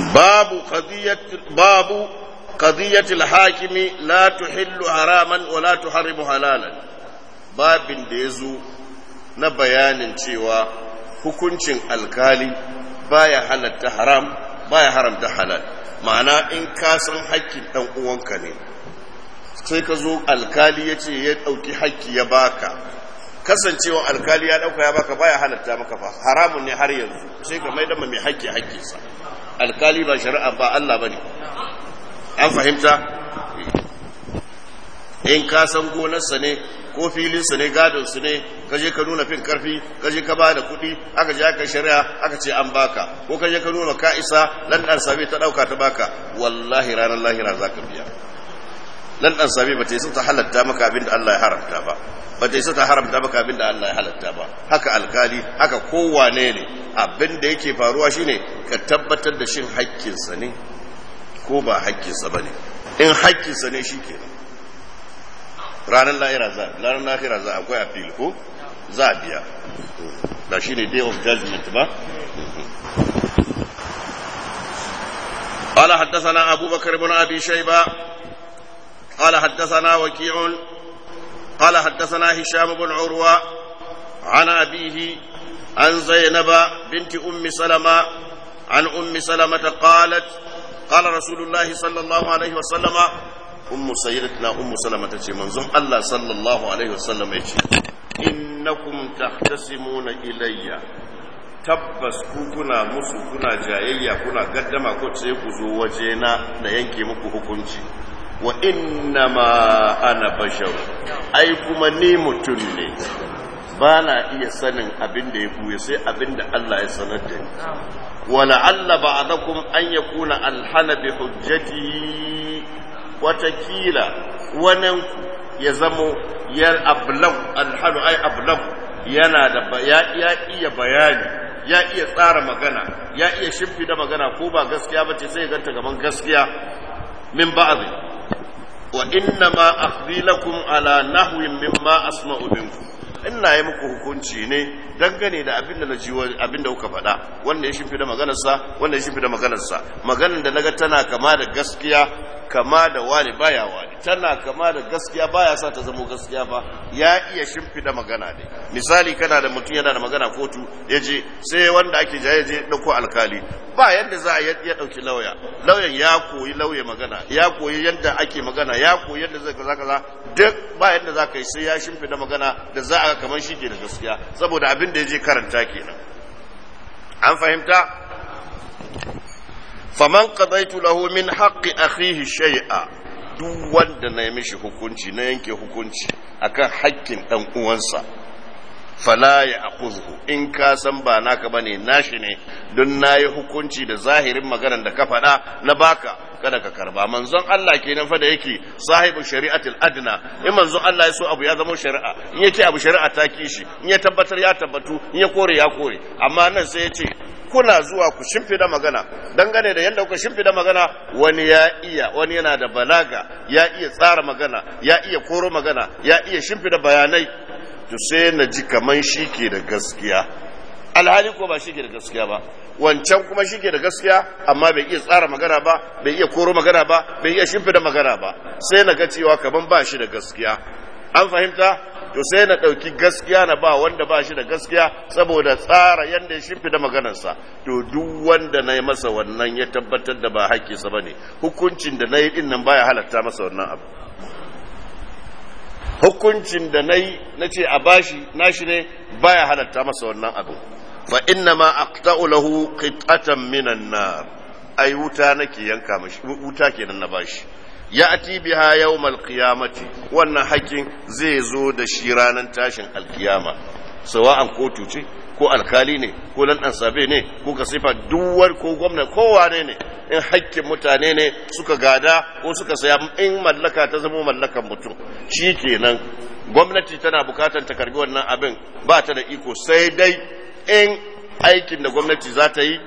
babu babu hakimi la tuhillu haraman wa la tuharrimu halalan babin da yazo na bayanin cewa hukuncin alkali baya halatta haram baya haramta halal ma'ana in ka san haƙƙin ɗan uwanka ne sai ka zo alkali ya ce ya ɗauki haƙƙi ya baka kasancewa alkali ya ɗauka ya baka baya halatta maka ba haramun ne har yanzu sai ka mai dama mai haƙƙi haƙƙinsa alkali ba shari'a ba Allah ba ne an fahimta in ka san gonarsa ne ko filinsa ne gadonsa ne ka je ka nuna fin karfi ka je ka ba da kuɗi aka je aka shari'a aka ce an baka ko ka je ka nuna ka isa nan ɗan sami ta ɗauka ta baka wallahi ranar lahira za ka biya nan ɗan sami ba ta yi ta halatta maka abin da Allah ya haramta ba ba ta yi ta haramta maka abin da Allah ya halatta ba haka alkali haka kowane ne abin da yake faruwa shine ka tabbatar da shin haƙƙinsa ne ko ba haƙƙinsa ba ne in haƙƙinsa ne shi ke ranar lahira za ranar lahira za akwai appeal ko za a biya ba shi ne day of judgment ba haddasa Abubakar bin abi shai ba ala haddasa na حدثنا ala haddasa na hisham bin urwa ana abihi عن زينب بنت أم سلمة عن أم سلمة قالت قال رسول الله صلى الله عليه وسلم أم سيدتنا أم سلمة منظم الله صلى الله عليه وسلم إنكم تختصمون إلي tabbas ku kuna musu kuna jayayya kuna gaddama ko sai ku zo wajena da yanke muku hukunci wa inna ma ana bashar ai kuma ni mutum ne Bana iya sanin abin da ya buye sai abin da Allah ya sanar da ni alla ba'dakum an yakuna alhana bi hujjatihi watakila wannan ya zamo ya ablam alhanu ai ablam yana da ya iya bayani ya iya tsara magana ya iya shimfida magana ko ba gaskiya ba ce sai ganta gaban gaskiya min ba'dhi wa inna ma akhdi ala nahwin mimma asma'u minkum ina yi muku hukunci ne dangane da abin da na ji abin da kuka faɗa wanda ya shimfi da maganarsa wanda ya shimfi da maganarsa maganar da naga tana kama da gaskiya kama da wani baya wani tana kama da gaskiya baya sa ta zama gaskiya ba ya iya shimfi da magana ne misali kana da mutum yana da magana kotu ya je sai wanda ake ya je ɗauko alkali ba yadda za a ya ɗauki lauya lauyan ya koyi lauya magana ya koyi yadda ake magana ya koyi yadda zai kaza kaza duk ba yadda za ka yi sai ya shimfi shimfida magana da za a ga kamar shi ke da gaskiya saboda abin da ya je karanta kenan an fahimta faman qadaitu lahu min haqqi akhihi shai'a duk wanda na yi mishi hukunci na yanke hukunci akan haƙƙin ɗan uwansa fala ya akuzu in ka san ba naka ba bane nashi ne don na yi hukunci da zahirin maganar da ka faɗa na baka kada ka karba manzon Allah nan fa da yake sahibu shari'atul adna in manzon Allah ya so abu ya zama shari'a in yace abu shari'a ta kishi in ya tabbatar ya tabbatu in ya kore ya kore amma nan sai yace kuna zuwa ku shimfida magana dangane da yadda kuka shimfida magana wani ya iya wani yana da balaga ya iya tsara magana ya iya koro magana ya iya shimfida bayanai to sai na ji kaman shi ke da gaskiya alhali ko ba shi ke da gaskiya ba wancan kuma shi ke da gaskiya amma bai iya tsara magana ba bai iya koro magana ba bai iya shimfida magana ba sai na ga cewa kaman ba shi da gaskiya an fahimta to sai na ɗauki gaskiya na ba wanda ba shi da gaskiya saboda tsara yadda ya shimfida maganarsa to duk wanda na masa wannan ya tabbatar da ba haƙƙinsa ba ne hukuncin da na yi ɗin nan baya halatta masa wannan abu hukuncin da na yi na ce a bashi na shi ne baya halatta masa wannan abin fa inna ma aqta'u lahu qit'atan minan nar ai wuta nake yanka mashi wuta kenan na bashi ati biha yawmal qiyamati wannan hakin zai zo da shi ranar tashin alkiyama Sawa sawa'an kotu ce ko alkali ne ko landan sabe ne ko kasifa duwar ko gwamna kowa ne ne in hakkin mutane ne suka gada ko suka saya in mallaka ta zama mallakan mutum shi kenan gwamnati tana bukatar ta karbi wannan abin ba ta da iko sai dai in aikin da gwamnati za ta yi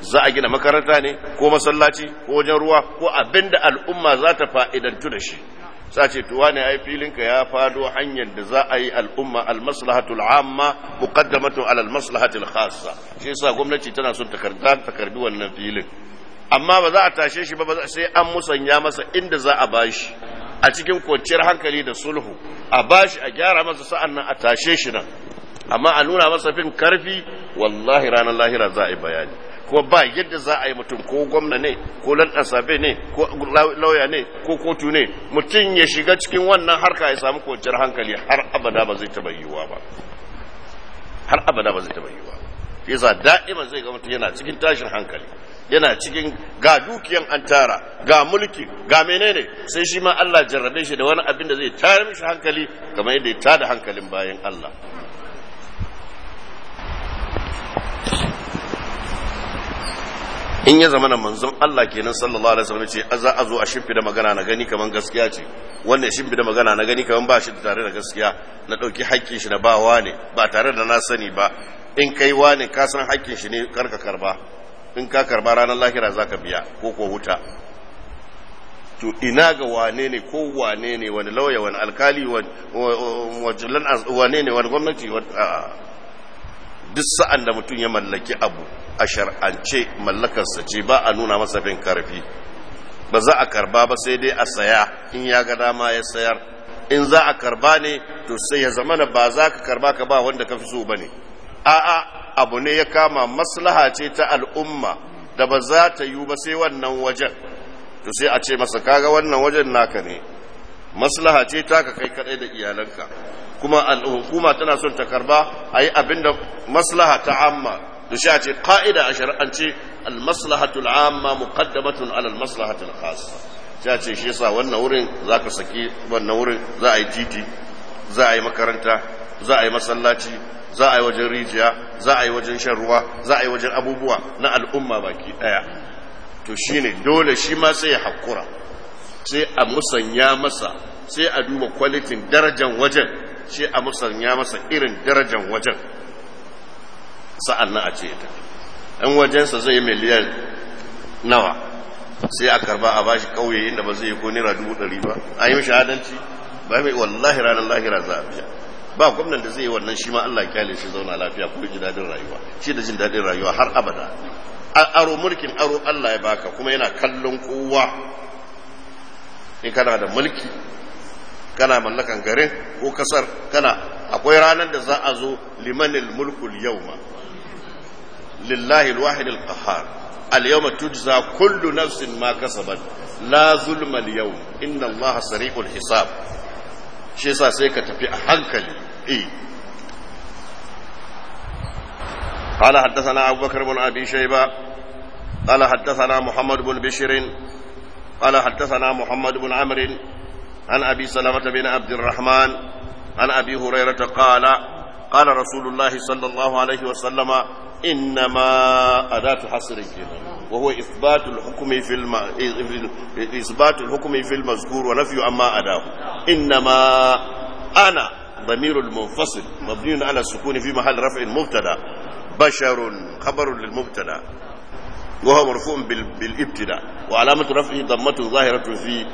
za a gina makaranta ne ko masallaci ko wajen ruwa ko abin da al'umma za ta fa'idantu da shi sa ce to wane ai filinka ya fado hanyar da za a yi al'umma al-maslahatul amma muqaddamatu ala al-maslahatil khassa shi yasa gwamnati tana son ta karbi ta karbi wannan filin amma ba za a tashe shi ba sai an musanya masa inda za a bashi a cikin kwanciyar hankali da sulhu a bashi a gyara masa sa'an nan a tashe shi nan amma a nuna masa fin karfi wallahi ranar lahira za a yi bayani ko ba yadda za a yi mutum ko gwamna ne ko lantasabe ne ko lauya ne ko kotu ne mutum ya shiga cikin wannan harka ya samu kwanciyar hankali har abada ba zai taba yiwuwa ba har abada ba zai taba yiwuwa za da'iman zai ga mutum yana cikin tashin hankali yana cikin ga dukiyan an tara ga mulki ga menene sai shi ma Allah jarrabe shi da wani abin da zai tare mishi hankali kamar yadda ya tada hankalin bayan Allah in ya zama na manzon Allah kenan sallallahu alaihi wasallam ce za a zo a shimfida magana na gani kaman gaskiya ce wannan shimfida magana na gani kaman ba shi da tare da gaskiya na dauki haƙƙin shi na ba wane ba tare da na sani ba in kai wane ka san haƙƙin shi ne karka karba in ka karba ranar lahira zaka biya ko ko huta to ina ga wane ne ko wane ne wani lauya wani alkali wani wane ne wani gwamnati duk sa'an da mutum ya mallaki abu a shar'ance mallakarsa ce ba a nuna masa bin karfi ba za a karba ba sai dai a saya in ya ga dama ya sayar in za a karba ne to sai ya zamana ba za ka karba ka ba wanda ka fi so ba ne a'a abu ne ya kama maslaha ce ta al'umma da ba za ta yi ba sai wannan wajen to sai a ce masa kaga wannan wajen naka ne maslaha ce ta ka kai kadai da iyalanka kuma al'hukuma tana son ta karba a yi abin da maslaha ta amma to shi a ce ka'ida a shari'ance almaslahatul amma muqaddamatun ala almaslahatul khassa shi a ce shi yasa wannan wurin za ka saki wannan wurin za a yi titi za a yi makaranta za a yi masallaci za a yi wajen rijiya za a yi wajen shan ruwa za a yi wajen abubuwa na al'umma baki daya to shine dole shi ma sai ya hakura sai a musanya masa sai a duba kwalitin darajan wajen sai a musanya masa irin darajan wajen sa'an nan a ce ita in wajensa zai yi miliyan nawa sai a karba a bashi kauye inda ba zai yi ko nira dubu ɗari ba a yi shahadanci ba mai wallahi ranar lahira za a biya ba gwamnan da zai yi wannan shi ma Allah kyale shi zauna lafiya ko ji daɗin rayuwa shi da jin daɗin rayuwa har abada aro mulkin aro Allah ya baka kuma yana kallon kowa in kana da mulki kana mallakan garin ko kasar kana akwai ranar da za a zo limanil mulkul yawma lillahi alwahid alqahar alyawma tujza kullu nafsin ma kasabat la zulma alyawm inna allaha sari'ul hisab shi yasa sai ka tafi a hankali eh قال حدثنا أبو بكر بن أبي شيبة قال حدثنا محمد بن بشر قال حدثنا محمد بن عمرو عن أبي سلمة بن عبد الرحمن عن أبي هريرة قال قال رسول الله صلى الله عليه وسلم إنما أداة حصر وهو إثبات الحكم في الم... إثبات الحكم في المذكور ونفي عما أداه إنما أنا ضمير المنفصل مبني على السكون في محل رفع مبتدا بشر خبر للمبتدا وهو مرفوع بال... بالابتداء وعلامة رفعه ضمته ظاهرة في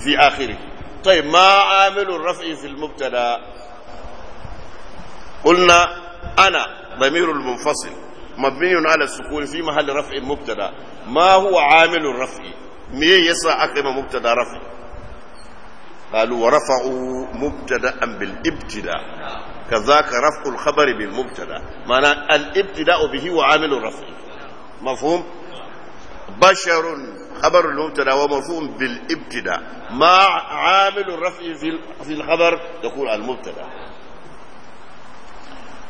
في آخره طيب ما عامل الرفع في المبتدا قلنا أنا ضمير المنفصل مبني على السكون في محل رفع مبتدا ما هو عامل الرفع مي يسا أكرم مبتدا رفع قالوا ورفعوا مبتدا بالابتداء كذاك رفع الخبر بالمبتدا معنى الابتداء به وعامل الرفع مفهوم بشر خبر ترى ومرفوع بالابتداء مع عامل الرفع في في الخبر تكون المبتدا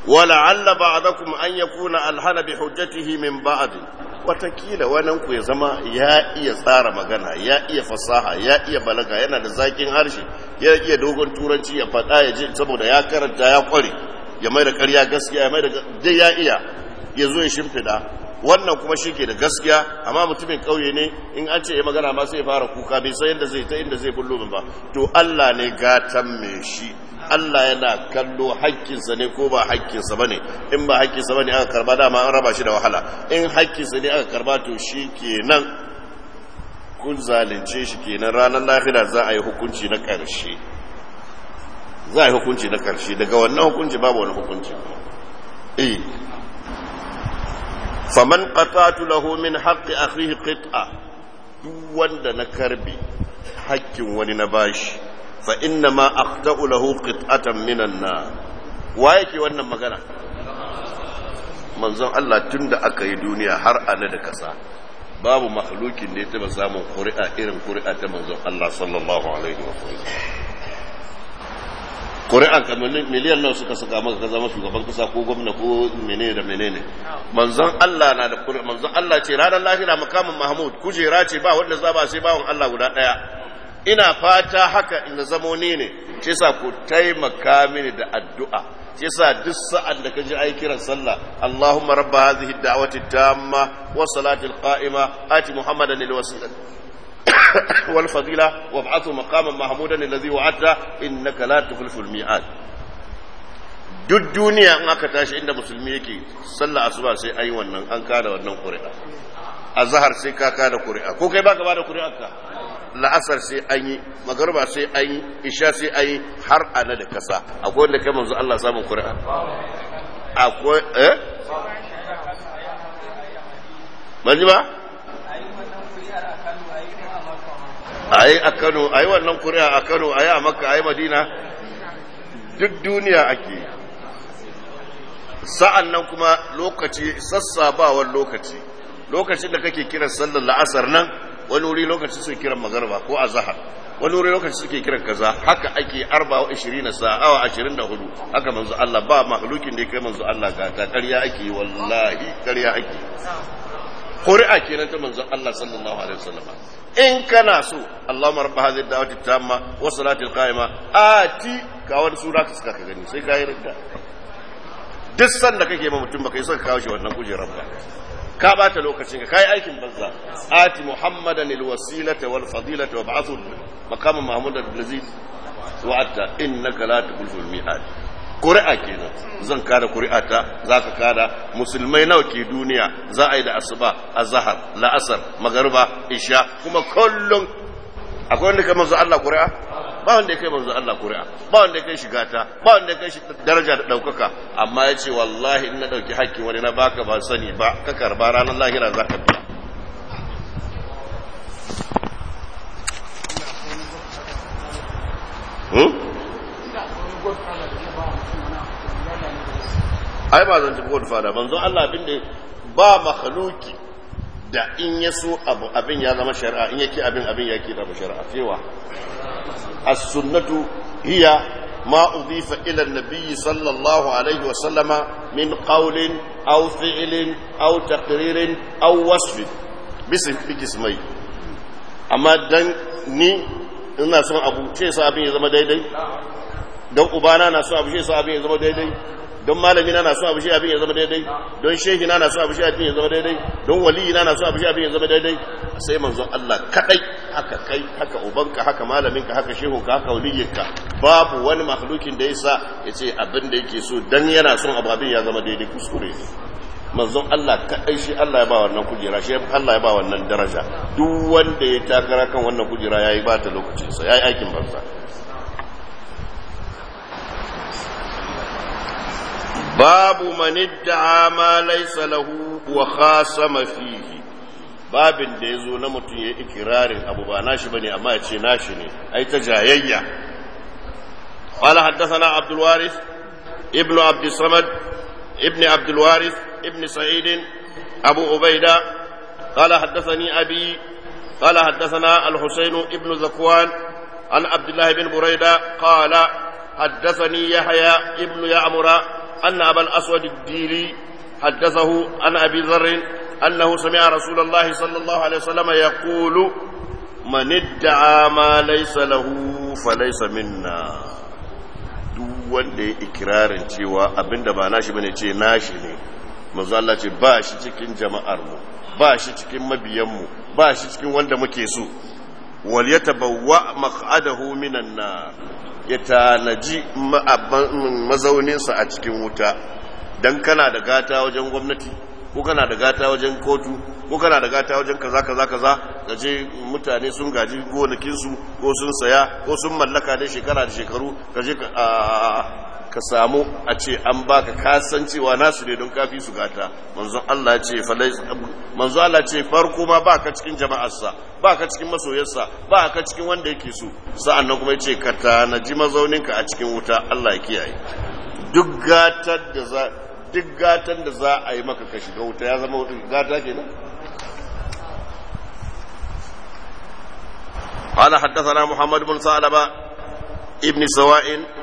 ولعل بعضكم ان يكون الحن بحجته من بعض وتكيل wannan يا زما يا ya صار tsara يا ya فصاحه يا ya iya yana da zakin harshe ya iya dogon turanci ya fada ya ji saboda ya karanta ya kware ya mai da ƙarya gaskiya ya mai da dai ya iya yazo ya shimfida wannan kuma shi ke da gaskiya amma mutumin ƙauye ne in an ce ya magana ma sai fara kuka bai san yadda zai ta inda zai bullo min ba to Allah ne gatan me shi Allah yana kallo hakkinsa ne ko ba hakkinsa bane in ba hakkinsa bane aka karba dama an raba shi da wahala in hakkinsa ne aka karba to shi kenan kun zalunce shi kenan ranar lafiya za a yi hukunci na ƙarshe za a yi hukunci na ƙarshe daga wannan hukunci babu wani hukunci eh faman qatatu lahu min haqqi akhihi qit'a duk wanda na karbi hakkin wani na bashi fa inna ma akhta'u lahu qit'atan minan nar wa yake wannan magana manzon Allah tun da aka yi duniya har ana da kasa babu makhlukin da ya taba samun ƙuri'a irin ƙuri'a ta manzon Allah sallallahu alaihi wa sallam ƙuri'an ka miliyan nan suka saka maka ka zama shugaban kasa ko gwamna ko da menene manzon Allah na da ƙuri'an manzon Allah ce ranar lahira makamin Mahmud kujera ce ba wanda za ba sai bawon Allah guda ɗaya ina fata haka in zamo ni ne ce sa ku taimaka mini da addu'a shi duk sa'ad da kaji ai kiran sallah Allahumma rabba hadhihi ad-da'wati tamma wa salati qaima ati Muhammadan lil-wasilati والفضيلة وابعثه مقاما محمودا الذي وعدته إنك لا تخلف الميعاد duk duniya in aka tashi inda musulmi yake sallah asuba sai ayi wannan an kada wannan ƙuri'a azhar sai ka kada ƙuri'a ko kai baka bada ƙuri'ar ka la'asar sai an yi magarba sai an yi isha sai an yi har ana da kasa akwai wanda kai manzo Allah samun ƙuri'a akwai eh ba ayi a Kano ayi wannan kuri'a a Kano ayi a Makka ayi Madina duk duniya ake sa'an nan kuma lokaci sassabawan lokaci lokacin da kake kiran sallar la'asar nan wani wuri lokaci suke kiran magarba ko azhar wani wuri lokaci suke kiran kaza haka ake 24 sa'a awa 24 haka manzo Allah ba mahlukin da ya kai manzo Allah ga ƙarya ake wallahi ƙarya ake ƙuri'a kenan ta manzon Allah sallallahu alaihi wasallam in kana so Allahumma rabb hadhihi da'wati tamma wa salati al-qa'ima ati ka wani sura ka suka ka gani sai ka yi ridda duk sanda kake ma mutum baka yi saka kawo shi wannan kujerar ba ka bata lokacin ka kai aikin banza ati muhammadan alwasilata wal fadilata wa ba'athu maqama mahmudan bil aziz wa'atta innaka la tukhlifu al mi'ad ƙuri'a kenan zan kada ƙuri'a ta za ka kada musulmai nawa ke duniya za a yi da asuba a zahar la'asar magarba isha kuma kullum akwai wanda kai manzo Allah ƙuri'a ba wanda kai manzo Allah ƙuri'a ba wanda kai shiga ta ba wanda kai daraja da daukaka amma yace wallahi in na dauki hakki wani na baka ba sani ba ka karba ranar lahira za ka biya ai ba zan ci tafi fada zo Allah abin da ba makhluki da in ya so abin ya zama shari'a in ya yake abin abin ya ki zama shari'a cewa A sunnatu hiya ma udhifa ila an-nabiy sallallahu alaihi wa sallama min qawlin aw fi'lin aw taqririn aw wasfin bisin mai. amma dan ni ina son abu ce sa abin ya zama daidai dan ubana na so abu ce sa abin ya zama daidai don malami na nasu abu shi abin ya zama daidai don shehi na na abu shi abin ya zama daidai don waliyi na nasu abu shi abin ya zama daidai sai manzon Allah kadai haka kai haka ubanka haka malaminka haka shehunka haka waliyinka babu wani makhlukin da yasa yace abin da yake so dan yana son abu abin ya zama daidai kuskure ne manzon Allah kadai shi Allah ya ba wannan kujera shi Allah ya ba wannan daraja duk wanda ya takara kan wannan kujera yayi ba ta sa yayi aikin banza babu manidda ma laisa lahu wa khasama fihi babin da yazo na mutum ya ikirarin abu ba nashi bane amma ya ce nashi ne ai ta jayayya qala haddathana abdul waris ibnu abd samad ibnu abdul waris ibnu sa'id abu ubaida qala haddathani abi قال حدثنا الحسين ابن زكوان عن عبد الله بن بريدة قال حدثني يحيى ابن يعمر أن أبا الأسود الديلي حدثه عن أبي ذر أنه سمع رسول الله صلى الله عليه وسلم يقول من ادعى ما ليس له فليس منا duk wanda ya ikirarin cewa abinda ba nashi bane ce nashi ne manzo Allah ce ba shi cikin jama'ar mu ba shi cikin mabiyan mu ba shi cikin wanda muke so wal yatabawwa minan ya tanaji mazauninsa a cikin wuta don kana da gata wajen gwamnati ko kana da gata wajen kotu ko kana da gata wajen kaza kaza kaza ce mutane sun gaji gonakinsu ko sun saya ko sun mallaka dai shekara da shekaru ka a ka samu a ce an baka kasancewa nasu ne don kafi su gata manzo Allah ce Allah ce farko ma ka cikin jama'arsa ba ka cikin masoyarsa ba ka cikin wanda yake so sa'annan kuma ce ka tana ji mazauninka a cikin wuta Allah ya kiyaye duk gatan da za a yi maka ka shiga wuta ya zama wuta gata nan قال حدثنا محمد بن ثعلبة ابن سوائن